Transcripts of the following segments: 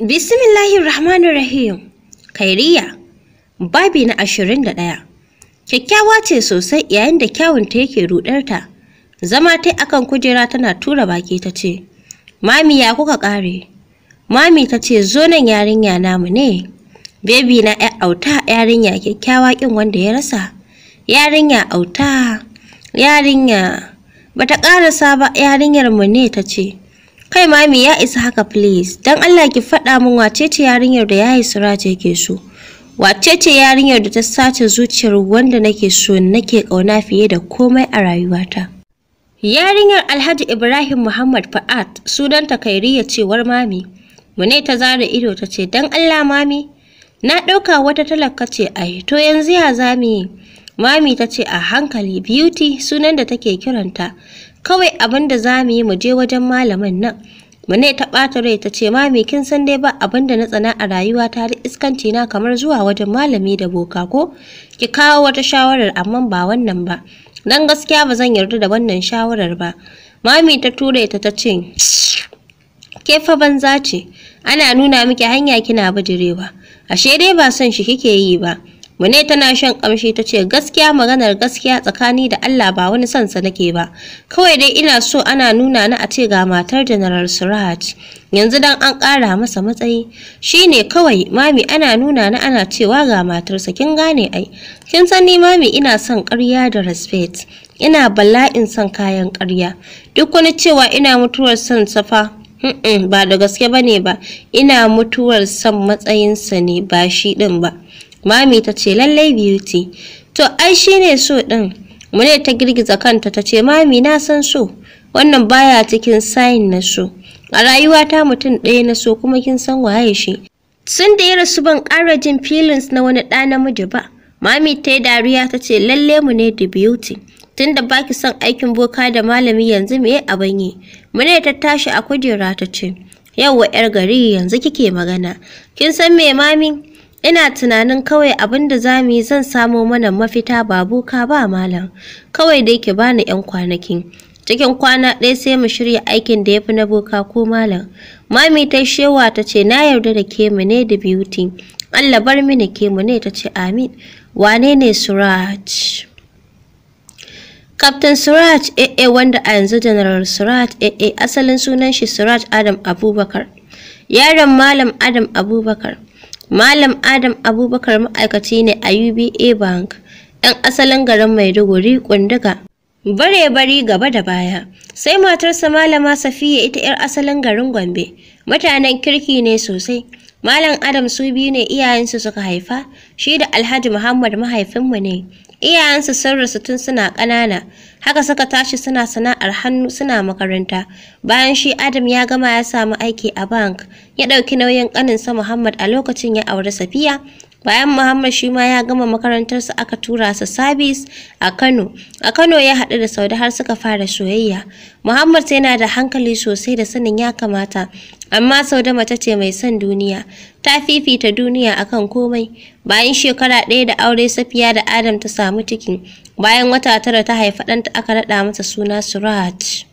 Bismillahir Rahmanir Rahim. Kairiya. Babi na ashirin da ɗaya. Kyakkyawa ce sosai yayin da kyawunta yake ruɗarta. Zama ta akan kujera tana tura baki ta ce, Mami ya kuka ƙare? Mami ta ce, zo nan yarinya namu ne. Bebi na ya auta yarinya kyakkyawa kin wanda ya rasa. Yarinya auta, yarinya. Bata ƙarasa ba yarinyar mu ne ta ce, Kai mami ya isa haka please, dan Allah ki faɗa min wacece yarinyar da yayi surace yake so. Wacece yarinyar da ta sace zuciyar wanda nake so nake ƙauna fiye da komai a rayuwata. Yarinyar Alhaji Ibrahim Muhammad Fa'ad, sunanta Kairiya cewar mami. Mune ta zara ido ta ce don Allah mami na ɗauka wata talaka ce ai to yanzu ya zamu yi. Mami ta ce a hankali beauty sunan da take kiranta kawai abin da za mu yi mu je wajen malamin nan Mune ta ɓata rai ta ce mami kin san dai ba abin da na tsana a rayuwa ta da iskanci na kamar zuwa wajen malami da boka ko ki kawo wata shawarar amma ba wannan ba dan gaskiya ba zan yarda da wannan shawarar ba mami ta ture ta ta ce ke fa banza ce ana nuna miki hanya kina bijirewa ashe dai ba son shi kike yi ba Mune tana shan kamshi ta ce gaskiya maganar gaskiya tsakani da Allah ba wani sansa nake ba. Kawai dai ina so ana nuna ni a ce ga matar General Suraj. Yanzu dan an ƙara masa matsayi. Shine kawai mami ana nuna ni ana cewa ga matarsa kin gane ai. Kin san ni mami ina son ƙarya da respect. Ina bala'in son kayan ƙarya. Duk wani cewa ina mutuwar son safa ba da gaske bane ba. Ina mutuwar son matsayinsa ne ba shi din ba. Mami ta ce lallai beauty. To ai shi ne so din. Mune ta girgiza kanta ta ce mami na san so. Wannan baya cikin sayin na so. A rayuwata mutum ɗaya na so kuma kin san waye shi. Sun da ya rasu ban ƙara jin feelings na wani ɗa namiji ba. Mami ta yi dariya ta ce "Lallai mu ne da beauty. Tunda da baki son aikin boka da malami yanzu me abin yi. Mune ta tashi a kujera ta ce. Yawwa 'yar gari yanzu kike magana. Kin san me mami? Ina tunanin kawai abin da za mu yi zan samo mana mafita ba buka ba malam. Kawai dai ki bani 'yan kwanaki. Cikin kwana ɗaya sai mu shirya aikin da ya fi na buka ko malam. Mami ta shewa ta ce na yarda da ke mu ne da beauty. Allah bar mini ke mu ne ta ce amin. Wane ne Suraj? Captain Suraj AA eh, eh, wanda a yanzu General Suraj AA eh, asalin sunan shi Suraj Adam Abubakar. Yaron Malam Adam Abubakar. Malam Adam Abubakar ma'aikaci ne a UBA Bank, ɗan asalin garin Maiduguri, Kunduga. Bare bari gaba da baya, sai matarsa Malama Safiya ita 'yar asalin garin Gombe, mutanen kirki ne sosai. Malam Adam su biyu ne iyayensu suka haifa, shi da Alhaji Muhammad mahaifinmu ne. Iyayensa sun rasu tun suna ƙanana, haka suka tashi suna sana'ar hannu suna makaranta. Bayan shi Adam ya gama ya samu aiki a bank, ya ɗauki nauyin ƙaninsa Muhammad a lokacin ya auri Safiya, bayan Muhammad shi ma ya gama makarantarsa aka tura sa sabis a Kano a Kano ya haɗu da Saudi har suka fara soyayya Muhammad sai yana da hankali sosai da sanin ya kamata amma Saudi mace ce mai son duniya ta fifita duniya akan komai bayan shekara ɗaya da aure Safiya da Adam ta samu ciki bayan wata tara ta haifa ɗanta aka raɗa masa suna surat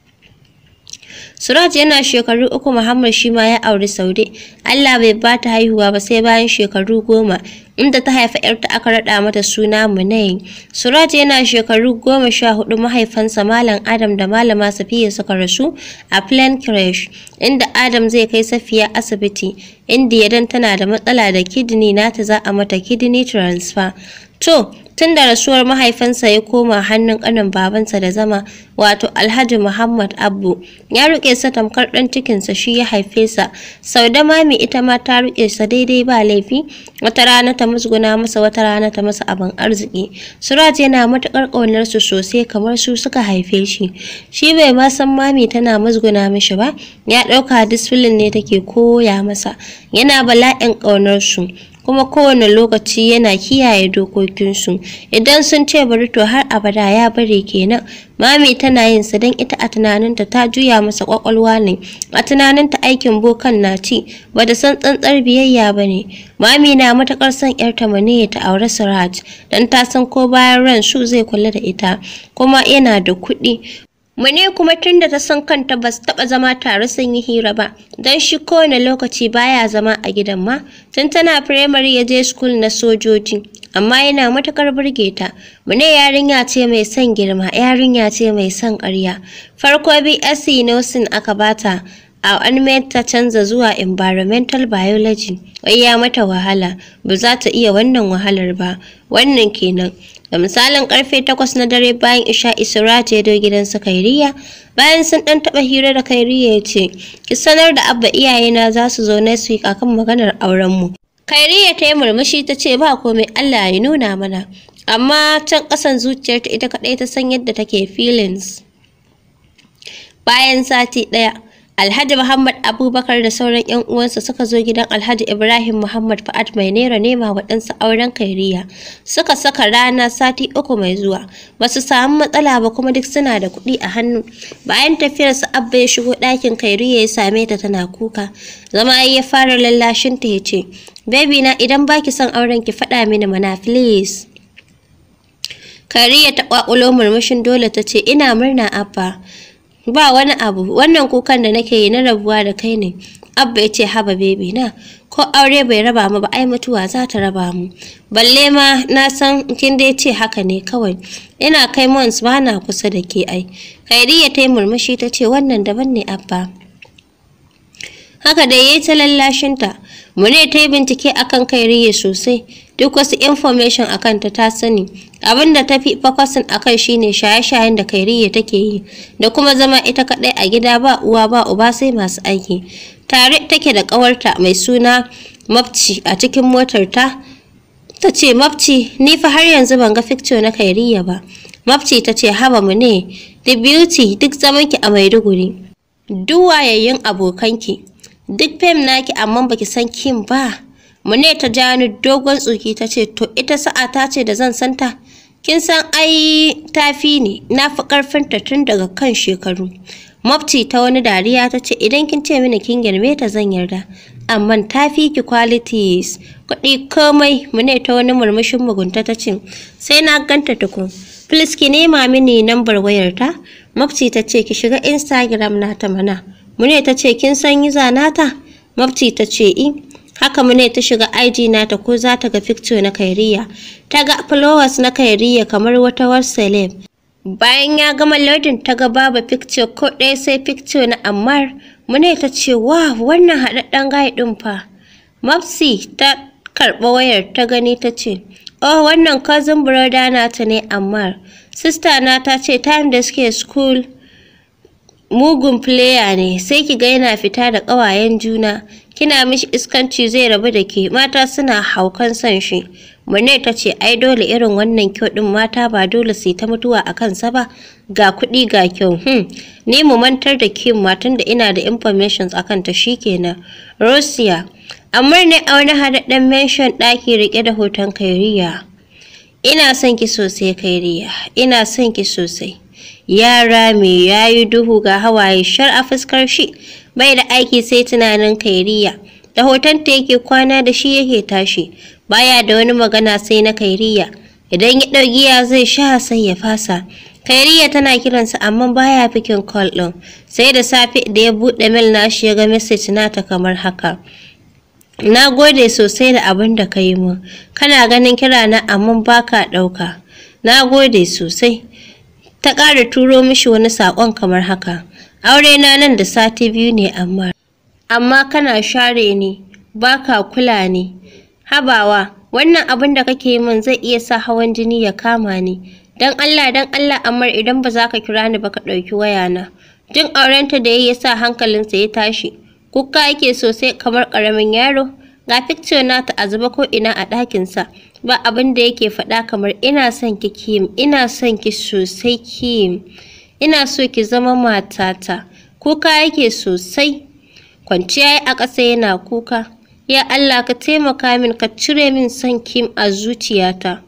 Suraj yana shekaru uku Muhammad shi ma ya auri Saude. Allah bai ba ta haihuwa ba sai bayan shekaru goma inda ta haifa ‘yarta aka raɗa mata suna Munayin. Suraj yana shekaru goma sha hudu mahaifansa Malam Adam da Malama Safiya suka rasu a plan Crash, inda Adam zai kai Safiya asibiti, inda yadan tana da matsala da kidney nata za a mata kidney transfer. To, tun da rasuwar mahaifinsa ya koma hannun ƙanin babansa da zama wato alhaji muhammad abu ya riƙe sa tamkar ɗan cikinsa shi ya haife sa sau da mami ita ma ta riƙe sa daidai ba laifi wata rana ta musguna masa wata rana ta masa abin arziki suraj yana matuƙar ƙaunar su sosai kamar su suka haife shi shi bai ma san mami tana musguna mishi ba ya ɗauka disfilin ne take koya masa yana bala'in ƙaunar su kuma kowane lokaci yana kiyaye dokokinsu idan sun ce bari to har abada ya bari kenan mami tana yin sa don ita a tunaninta ta juya masa kwakwalwa ne a tunaninta aikin bokan na ci ba da san tsantsar biyayya ba ne mami na matakar son yar ne ta aure siraj don ta san ko bayan ran su zai kula da ita kuma yana da kuɗi Mune kuma tun da ta san kanta ba su taɓa zama tare sun yi hira ba, don shi kowane lokaci baya zama a gidan ma, tun tana firamare ya je school na sojoji, amma yana matuƙar burge ta. Mune yarinya ce mai son girma, yarinya ce mai son ƙarya. Farko BSc Nelson aka bata, a unmet ta canza zuwa environmental biology, wai ya mata wahala, ba za ta iya wannan wahalar ba, wannan kenan. da misalin karfe 8 na dare bayan isha'i Isra ya do gidan su kairiya bayan sun dan taba hira da kairiya ya ce ki sanar da abba iyayena za su zo su yi kan maganar auren mu. kairiya ta yi murmushi ta ce ba komai allah ya nuna mana amma can kasan zuciyarta ita kadai ta san yadda take feelings bayan sati daya Alhaji Muhammad Abubakar da sauran 'yan uwansa suka zo gidan Alhaji Ibrahim Muhammad Fa'ad mai nera nema wa auren kairiya. Suka saka rana sati uku mai zuwa. Ba su samu matsala ba kuma duk suna da kuɗi a hannu. Bayan tafiyar su Abba ya shigo ɗakin kairiya ya same ta tana kuka. Zama ya fara lallashin ta ya ce, "Baby na idan baki son auren ki faɗa mini mana please." Kairiya ta kwakulo murmushin dole ta ce, "Ina murna Abba." ba wani abu wannan kukan da nake yi na rabuwa da kai ne abba ya ce haba bebi na ko aure bai raba mu ba ai mutuwa za ta raba mu balle ma na san kin dai ce haka ne kawai ina kai mons ba kusa da ke ai kairiya ta yi murmushi ta ce wannan daban ne abba haka dai ya yi ta lallashinta mune ta yi bincike akan kairiya sosai duk wasu information a kanta ta sani abin da ta fi focusing a kai shine shaye-shayen da kairiyya take yi da kuma zama ita kaɗai a gida ba uwa ba uba sai masu aiki tare take da ƙawarta mai suna mafci a cikin motar ta ta ce mafci ni fa har yanzu ban ga picture na kairiyya ba mafci ta ce haba mu ne the beauty duk zamanki a maiduguri duk wayayyun abokanki duk fem naki amma baki san kim ba Mune ta jani dogon tsuki ta ce, To ita sa'a ta ce da zan santa? Kin san ai tafi ni. na fi ta tun daga kan shekaru. Mafti ta wani dariya ta ce, Idan kin ce mini kin girme ta zan yarda, amma tafi ki qualities, kuɗi komai, mune ta wani murmushin mugunta ta ce, Sai na ganta tukun. Please ki nema mini nambar wayarta. Mafti ta ce, Ki shiga Instagram nata mana. Mune ta ce, Kin san yi zanata? Mafti ta ce, I. Eh. haka mune ta shiga IG ta, ko za ta ga picture na Kairiya ta ga followers na Kairiya kamar wata war celeb bayan ya gama loading ta ga babu picture ko ɗaya sai picture na Ammar mune ta ce "Wa wannan haɗaɗɗen gai ɗin fa Mapsi ta karɓa wayar ta gani ta ce oh wannan cousin brother ta ne Ammar sister na ta ce time da suke school mugun player ne sai ki ga yana fita da ƙawayen juna kina mishi iskanci zai rabu da ke mata suna haukan son shi Munai ta ce ai dole irin wannan kyau din mata ba dole su ta mutuwa a kansa ba ga kuɗi ga kyau hmm. ni mu mantar da ke matan da ina da informations akan ta shikenan Russia amma ne a wani haɗaɗɗen mention ɗaki rike da hoton kairiya ina son ki sosai kairiya ina son ki sosai yara me yayi duhu ga hawaye shar a fuskar shi bai da aiki sai tunanin kairiya da hoton ta yake kwana da shi yake tashi baya da wani magana sai na kairiya idan ya ɗau giya zai sha sai ya fasa kairiya tana kiransa amma baya fikin call ɗin sai da safe da ya buɗe mail nashi ya ga message nata kamar haka na gode sosai da abin da ka yi min kana ganin kira na amma baka ɗauka na gode sosai ta ƙara turo mishi wani saƙon kamar haka aure na nan da sati biyu ne amma amma kana share ni baka kula ni habawa wannan abin da kake yi min zai iya sa hawan jini ya kama ni dan Allah dan Allah amma idan ba za ka kira ni ba ka ɗauki na jin aurenta da yayi yasa hankalinsa ya tashi kuka yake sosai kamar ƙaramin yaro ga fikciyo ta a zuba ko ina a ɗakinsa ba abin da yake faɗa kamar ina son ki kim ina son ki sosai kim ina so ki zama matata kuka yake sosai kwanciya a ƙasa yana kuka ya Allah ka taimaka min ka cire min son Kim a zuciyata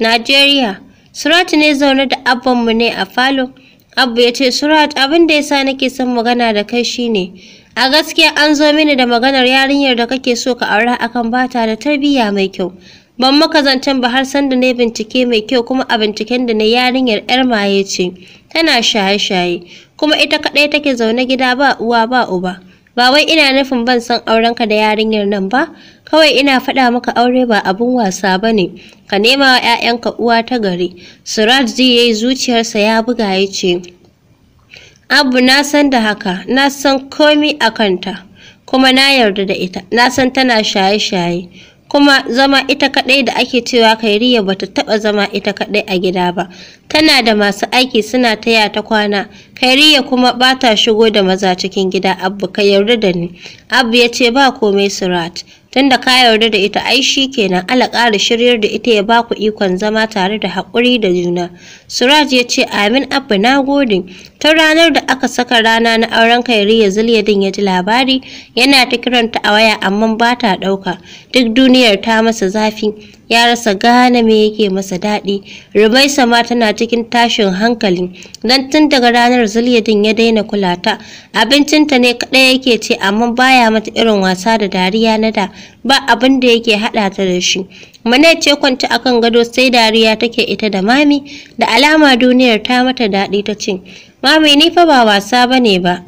Najeriya Surat ne zaune da abbanmu ne a falo Abba ya ce Surat abin da yasa nake son magana da kai shine a gaskiya an zo mini da maganar yarinyar da kake so ka aura akan bata da tarbiyya mai kyau ban maka zancen ba har sanda ne bincike mai kyau kuma a binciken da na yarinyar yar maye ce tana shaye-shaye kuma ita kaɗai take zaune gida ba uwa ba uba ba wai ina nufin ban san aurenka da yarinyar nan ba kawai ina faɗa maka aure ba abun wasa ba ne ka nema wa 'ya'yanka uwa ta gari surat zai yi zuciyarsa ya buga ya ce abu na san da haka na san komi a kanta kuma na yarda da ita na san tana shaye-shaye kuma zama ita kaɗai da ake cewa kairiya bata taɓa zama ita kaɗai a gida ba tana da masu aiki suna taya ta kwana kairiya kuma ba ta shigo da maza cikin gida abu ka yarda da ni abu ya ce ba komai surat tunda ka yarda da ita ai shi kenan ala ƙara shiryar da ita ya ba ku ikon zama tare da haƙuri da juna suraj ya ce amin abba na gode ta ranar da aka saka rana na auren kairi ya din ya ji labari yana ta kiranta a waya amma ba ta ɗauka duk duniyar ta masa zafi ya rasa gane me yake masa daɗi rubaisa ma tana cikin tashin hankali don tun daga ranar zuliyadin ya daina kula ta abincinta ne kaɗai yake ce amma baya mata irin wasa da dariya na da ba abin da yake haɗa ta da shi Mane ce kwanci akan gado sai dariya take ita da mami da alama duniyar ta mata daɗi ta ce mami ni fa ba wasa ba ne ba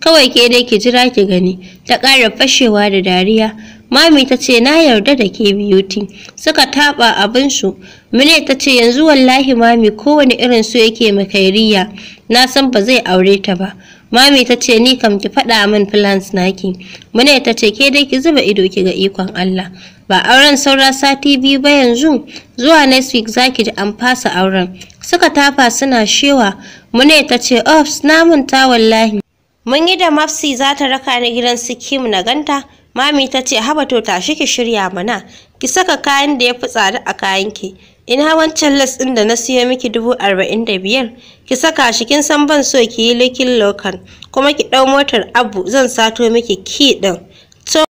kawai ke dai ki jira ki gani ta ƙara fashewa da dariya Mami ta ce na yarda da ke beauty. Suka taɓa abin su. Mune ta ce yanzu wallahi mami kowane irin su yake makairiya. Na san ba zai aure ta ba. Mami ta ce ni kam ki faɗa min plans naki. Mune ta ce ke dai ki zuba ido ki ga ikon Allah. Ba auren saura sati biyu ba yanzu zuwa next week zaki ji an fasa auren. Suka tafa suna shewa. Mune ta ce ops na manta wallahi. Mun yi da Mafsi za ta raka ni gidan su Kim na ganta. Mami ta ce haba to tashi ki shirya mana, ki saka kayan da ya fi tsada a kayanki. Ina wancan les ɗin da na siyo miki dubu arba'in da biyar, ki saka shi kin san ban so ki yi likin lokan, kuma ki ɗau motar abu zan sato miki ki ɗin.